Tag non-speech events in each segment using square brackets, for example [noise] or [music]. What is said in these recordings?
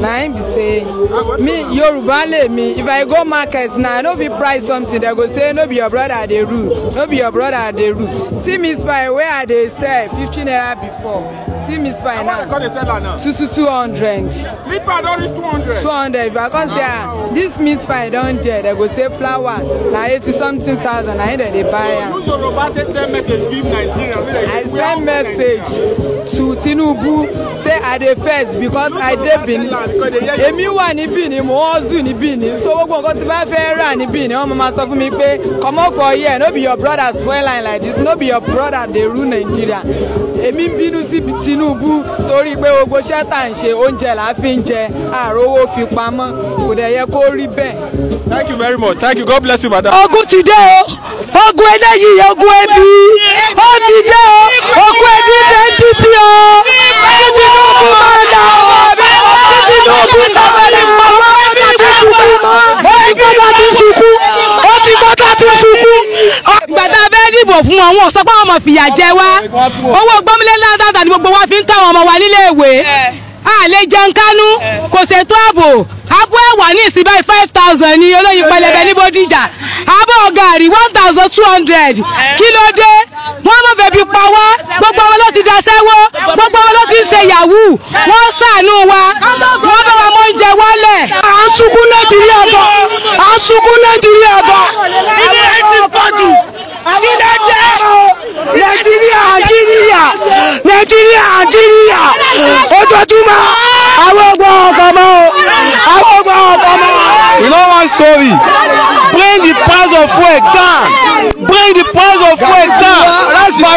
na im be say me yoruba le me if i go market na i no fit price something dem go say no be your brother dey rule no be your brother dey rule see me spy wey i dey sell fifty naira before still miss by now. Two two two hundred. Meat pie don reach two hundred. Two hundred. If I come say this meat pie don there, they go say flour na eighty something thousand na him dem dey buy am. Use Yoruba take send message give Nigeria. I send message to Tinubu say I dey first because I dey Benin. Èmi wà ní Benin, mo hustle ni bin. So gbogbo go tí bá fẹ́ rà ní Benin, wọ́n máa sọ fún mi pé comot for here, no be your brother spoil line like this, no be your brother They rule Nigeria. Èmi ń bínú sí Tinubu torí pé gbogbo iṣẹ́ ń ṣe oúnjẹ là á fi ń jẹ àròwó fi pamọ́ kò dẹ̀ yẹ kó rí bẹ́ẹ̀. thank you very much thank you god bless you madam. ogun ti dé o ogun eléyìí ogun ẹbí ó ti dé o ogun ẹbí identity o Tinubu máa dà o Tinubu sábẹ́lì pamọ́ ọjọ́ ti ṣubú ó ti ṣubú ó ti gbọ́dọ̀ ti ṣubú. gbàdá bẹ́ẹ̀ dìbò fún wọn wọn sọ pé máa fìyà jẹ wá owó gbọ́mílẹ̀ láńdàdà ni gbogbo wa fi ń tọ́ àwọn ọmọ wa níléèwé àlè jẹun kánú kò ṣètò ààbò abó ẹ̀wà ní ìsìn five thousand ní olóyin pẹlẹbẹ ní bódìjà abó gàrí one thousand two hundred kí ló dé wọ́n mọ̀ bẹ̀bí pa wá gbogbo wọn ló ti daṣẹ́ wó gbogbo wọn ló ti ṣe yahoo wọ́n ṣàánú wa wọ́n bá wa mọ oúnjẹ wọlé. à ń sunkún nàìjíríà bọ̀ à ń sunkún nàìjíríà bọ̀. nàìjíríà nàìjíríà ojoojúmọ́ àwọn ọgbọ́n ọkọ̀ mọ́ àwọn ọgbọ́n ọkọ̀ mọ́. you know one sorry. bring the price of fuel down bring the price of fuel down by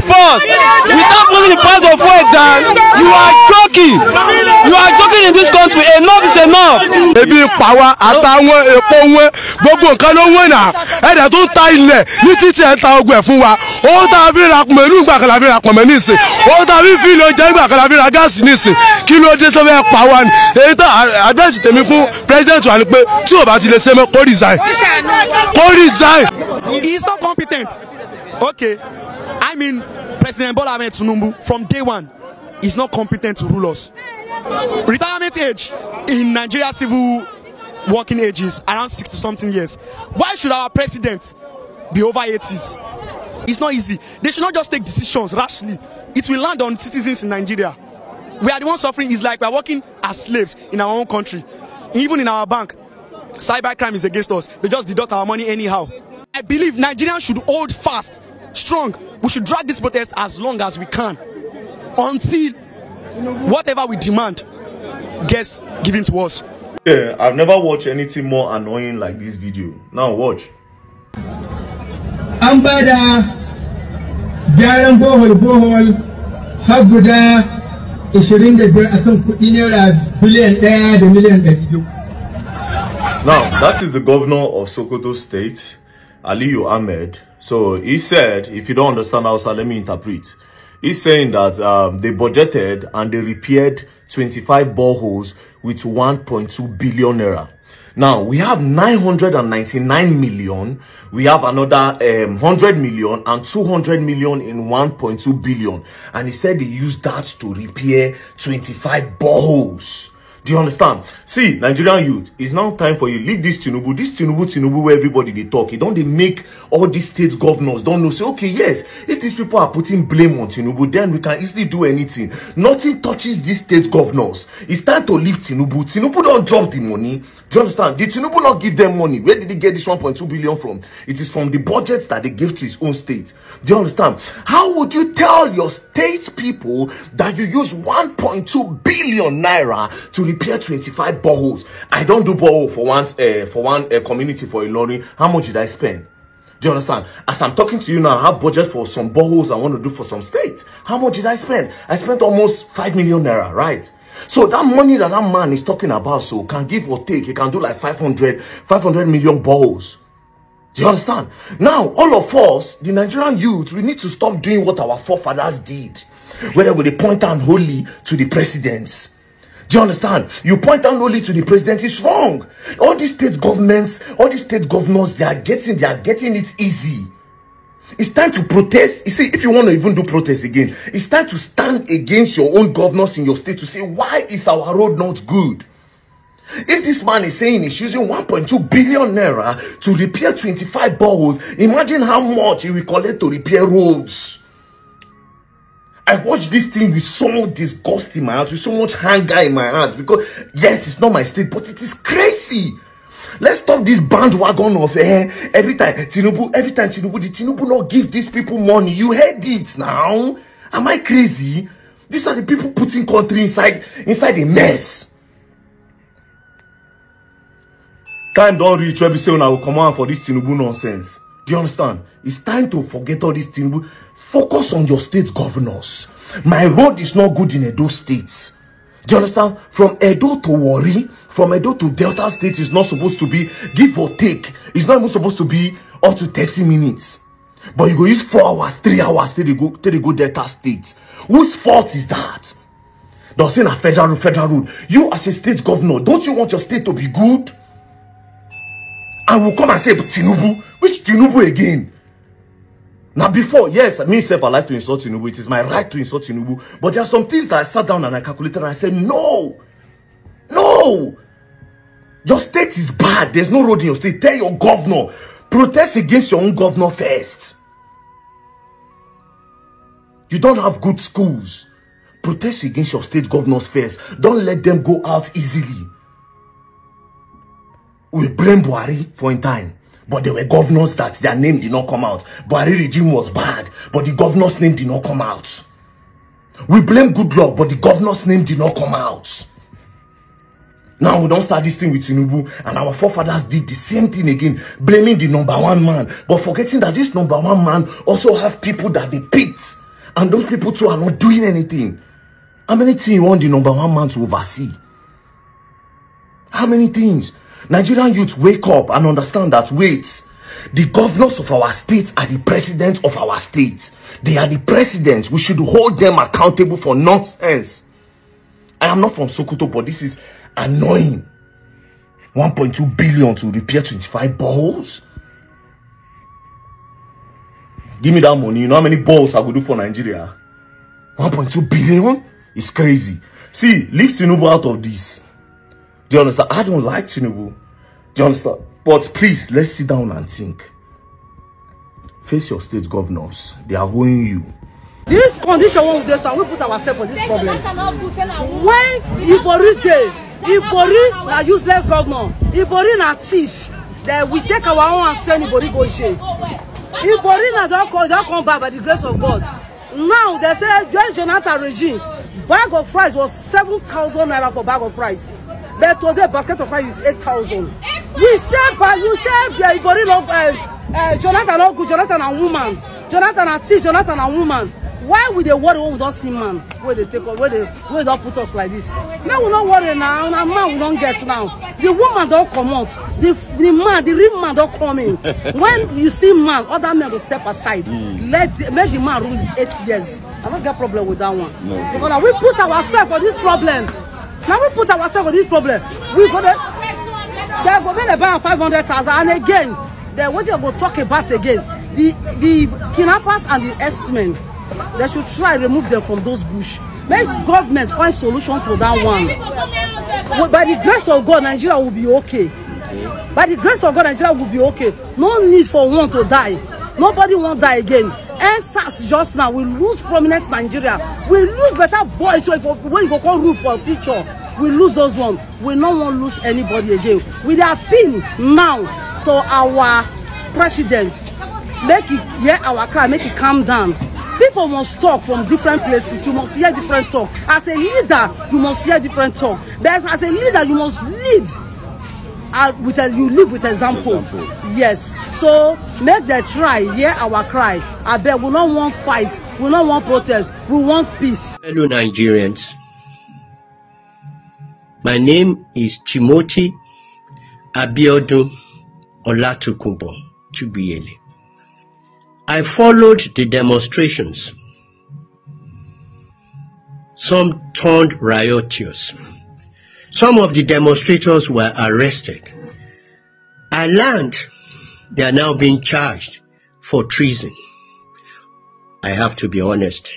force by force without putting the price of fuel down you are joking you are joking in this country enough is enough. ebi pàwọn àtàwọn epo wọn gbogbo nǹkan ló ń wẹ̀ náà ẹ̀dá tó ń ta ilẹ̀ ní títí ẹ̀ ń ta ogun ẹ̀ fún wa ó ń ta abiri ra pọ̀mẹ́rú ìgbà kan lábẹ́rẹ́ pọ̀mẹ́ nísìn ó ń ta abiri fíìlì oúnjẹ ìgbà kan lábẹ́rẹ́ gáàsì nísìn kí ló dé sọ́fẹ́ pa wa ni èyí tó àdẹ́sì tèmi fún president wa ni pé tí ò bá ti lè ṣe mọ́ kó resign kó resign. he is not competent Okay, I mean, President Bola Ahmed Tinubu from day one is not competent to rule us. Retirement age in Nigeria civil working age is around sixty something years. Why should our president be over 80 It's not easy. They should not just take decisions rashly. It will land on citizens in Nigeria. We are the ones suffering. It's like we are working as slaves in our own country. Even in our bank, cybercrime is against us. They just deduct our money anyhow. I believe Nigerians should hold fast, strong. We should drag this protest as long as we can until whatever we demand gets given to us. Yeah, I've never watched anything more annoying like this video. Now watch. bohol Now, that is the governor of Sokoto State. Aliyu Ahmed. So he said, if you don't understand Hausa, let me interpret. He's saying that um, they budgeted and they repaired 25 boreholes with 1.2 billion naira. Now, we have 999 million. We have another um, 100 million and 200 million in 1.2 billion. And he said they used that to repair 25 boreholes. Do you understand? See, Nigerian youth, it's now time for you. Leave this Tinubu. This Tinubu, Tinubu, where everybody they talk. It don't they make all these state governors don't know. Say, okay, yes, if these people are putting blame on Tinubu, then we can easily do anything. Nothing touches these state governors. It's time to leave Tinubu. Tinubu don't drop the money. Do you understand? Did Tinubu not give them money? Where did he get this 1.2 billion from? It is from the budget that they gave to his own state. Do you understand? How would you tell your state people that you use 1.2 billion naira to repair 25 boreholes. I don't do borehole for one, uh, eh, for one uh, community for a learning. How much did I spend? Do you understand? As I'm talking to you now, I have budget for some boreholes I want to do for some states. How much did I spend? I spent almost 5 million naira, right? So that money that that man is talking about, so can give or take, he can do like 500, 500 million balls. Do you understand? Now, all of us, the Nigerian youth, we need to stop doing what our forefathers did. Whether we point and holy to the presidents. Do you understand? You point out only to the president. It's wrong. All these state governments, all these state governors, they are getting, they are getting it easy. It's time to protest. You see, if you want to even do protest again, it's time to stand against your own governors in your state to say, why is our road not good? If this man is saying he's using 1.2 billion naira to repair 25 boreholes, imagine how much he will collect to repair roads. I watched this thing with so much disgust in my heart, with so much anger in my heart because yes, it's not my state, but it is crazy. Let's stop this bandwagon of eh, every time Tinubu, every time Tinubu, did Tinubu not give these people money? You heard it now. Am I crazy? These are the people putting country inside inside a mess. Time don't reach where we say I will come on for this Tinubu nonsense. Do you understand? It's time to forget all this Tinubu. Focus on your state governors. My road is not good in Edo states. Do you understand? From Edo to Wari, from Edo to Delta State is not supposed to be give or take. It's not even supposed to be up to 30 minutes. But you go use 4 hours, 3 hours till you go, till you go Delta State. Whose fault is that? They're saying a federal road, federal road. You as a state governor, don't you want your state to be good? I will come and say, Tinubu, which Tinubu again? Now before, yes, me self, I like to insult Tinubu. It is my right to insult Tinubu. But there are some things that I sat down and I calculated and I said, no, no. Your state is bad. There's no road in your state. Tell your governor. Protest against your own governor first. You don't have good schools. Protest against your state governors first. Don't let them go out easily. We blame Buhari for in time but there were governors that their name did not come out. Buhari regime was bad, but the governor's name did not come out. We blame good luck, but the governor's name did not come out. Now we don't start this thing with Tinubu and our forefathers did the same thing again, blaming the number one man, but forgetting that this number one man also have people that they picked and those people too are not doing anything. How many things you want the number one man to oversee? How many things? Nigerian youth wake up and understand that, wait, the governors of our states are the presidents of our states. They are the presidents. We should hold them accountable for nonsense. I am not from Sokoto, but this is annoying. 1.2 billion to repair 25 balls. Give me that money. You know how many balls I will do for Nigeria? 1.2 billion? It's crazy. See, lift Tinubu out of this. Do you understand? I don't like Tinubu. Do you understand? But please, let's sit down and think. Face your state governors. They are owing you. This condition won't we dey we put ourselves for this problem. When Ibori dey, Ibori a useless governor. Ibori na thief. that we take our own and send Ibori go jail. Ibori na don't come, don come back by the grace of God. Now they say during Jonathan regime, bag of rice was seven thousand naira for bag of rice but today basket of rice is eight thousand we say by you say their body no uh, uh, jonathan no jonathan na woman jonathan na tea jonathan na woman why we dey worry when we don see man Where they take us wey dey wey don put us like this make we no worry now. na man we don get now the woman don comot the the man the real man don't come in [laughs] when you see man other men will step aside mm. let the, make the man rule eight years i don't get problem with that one no. because we put ourselves for this problem Can we put ourselves on this problem. We go there. They go make a ban 500,000 and again, then what you go talk about again? The the kidnappers and the S-men, they should try remove them from those bush. Let government find solution to that one. By the grace of God, Nigeria will be okay. By the grace of God, Nigeria will be okay. No need for one to die. Nobody won't die again ensars just now we lose prominent nigeria we lose better boys so if wey you go come rule for future we lose those ones we no wan lose anybody again we dey appeal now to our president make he hear our cry make he calm down people must talk from different places you must hear different talk as a leader you must hear different talk but as a leader you must lead uh, with a, you live with example. example. Yes. So make them try, hear our cry. I beg we don't want fight, we don't want protest, we want peace. Hello Nigerians. My name is Timothy Abiodun Olatukubo Chubiele. I followed the demonstrations. Some turned riotous. Some of the demonstrators were arrested. I learned they are now being charged for treason. I have to be honest.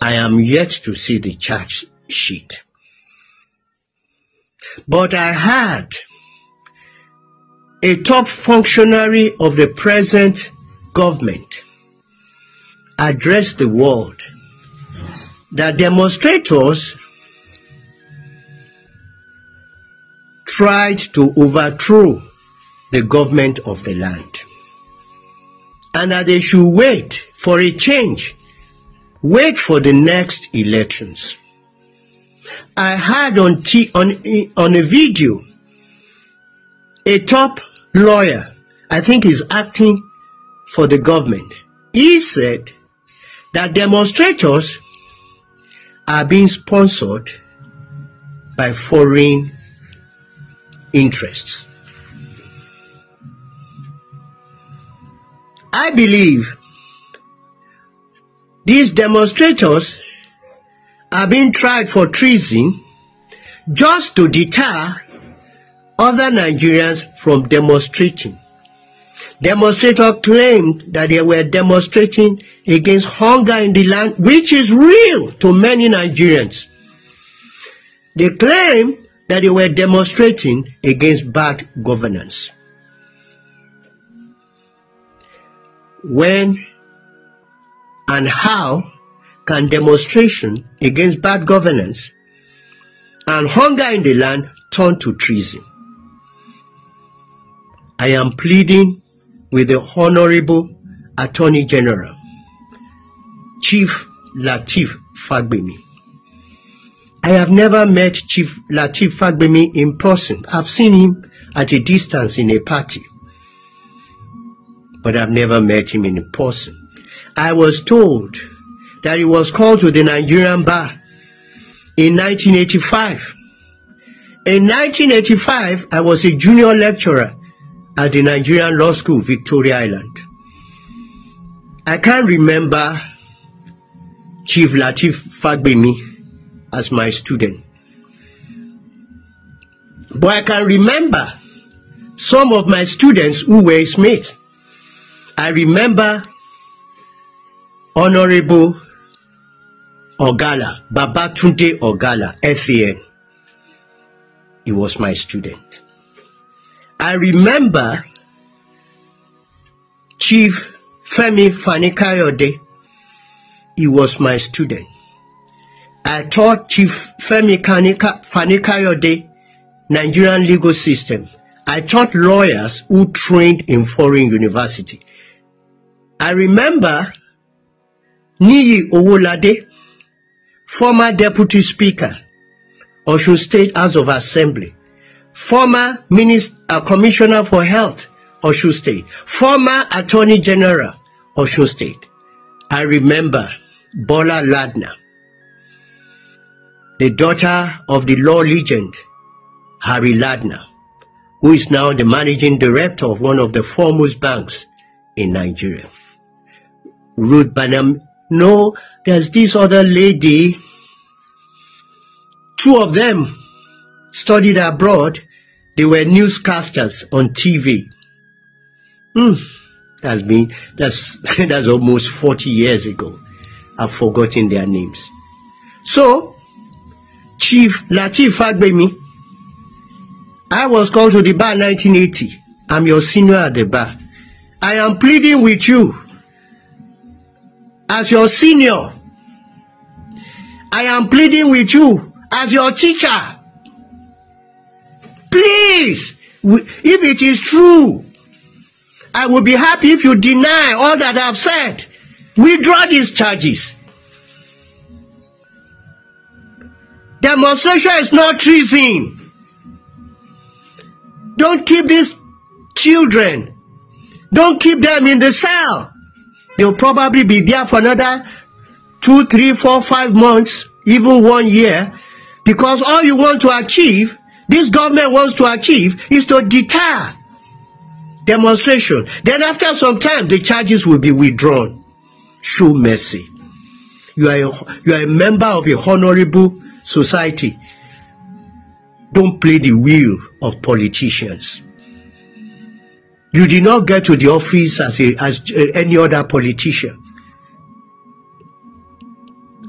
I am yet to see the charge sheet. But I heard a top functionary of the present government addressed the world that demonstrators tried to overthrow the government of the land. And that they should wait for a change. Wait for the next elections. I had on, t on, on a video a top lawyer, I think is acting for the government. He said that demonstrators are being sponsored by foreign interests. I believe these demonstrators are being tried for treason just to deter other Nigerians from demonstrating. Demonstrators claimed that they were demonstrating against hunger in the land, which is real to many Nigerians. They claim that they were demonstrating against bad governance. When and how can demonstration against bad governance and hunger in the land turn to treason? I am pleading with the Honorable Attorney General, Chief Latif Fagbemi. I have never met Chief Latif Fagbemi in person. I've seen him at a distance in a party. But I've never met him in person. I was told that he was called to the Nigerian bar in 1985. In 1985, I was a junior lecturer at the Nigerian Law School, Victoria Island. I can't remember Chief Latif Fagbemi as my student. But I can remember some of my students who were his mates. I remember Honorable Ogala, Babatunde Ogala, SAN. He was my student. I remember Chief Femi Fanikayode. He was my student. I taught Chief Femi Fanikayode, Nigerian legal system, I taught lawyers who trained in foreign university. I remember Niyi Owolade, former deputy speaker, Osun State House of Assembly, former minister, uh, commissioner for health, Osun State, former attorney general, Osun State. I remember Bola Ladner, the daughter of the law legend, Harry Ladner, who is now the managing director of one of the foremost banks in Nigeria. Ruth Barnum. no, there's this other lady. Two of them studied abroad. They were newscasters on TV. Hmm, that's been, that's, [laughs] that's almost 40 years ago. I've forgotten their names. So, Chief Latif Fagbemi. I was called to the bar 1980. I'm your senior at the bar. I am pleading with you as your senior. I am pleading with you as your teacher. Please, if it is true, I will be happy if you deny all that I've said. Withdraw these charges. Demonstration is not treason. Don't keep these children. Don't keep them in the cell. They'll probably be there for another two, three, four, five months, even one year. Because all you want to achieve, this government wants to achieve, is to deter demonstration. Then after some time, the charges will be withdrawn. Show mercy. You are a, you are a member of a honorable society. Don't play the wheel of politicians. You did not get to the office as, a, as uh, any other politician.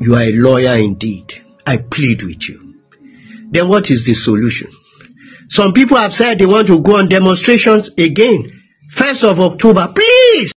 You are a lawyer indeed. I plead with you. Then what is the solution? Some people have said they want to go on demonstrations again. 1st of October, please!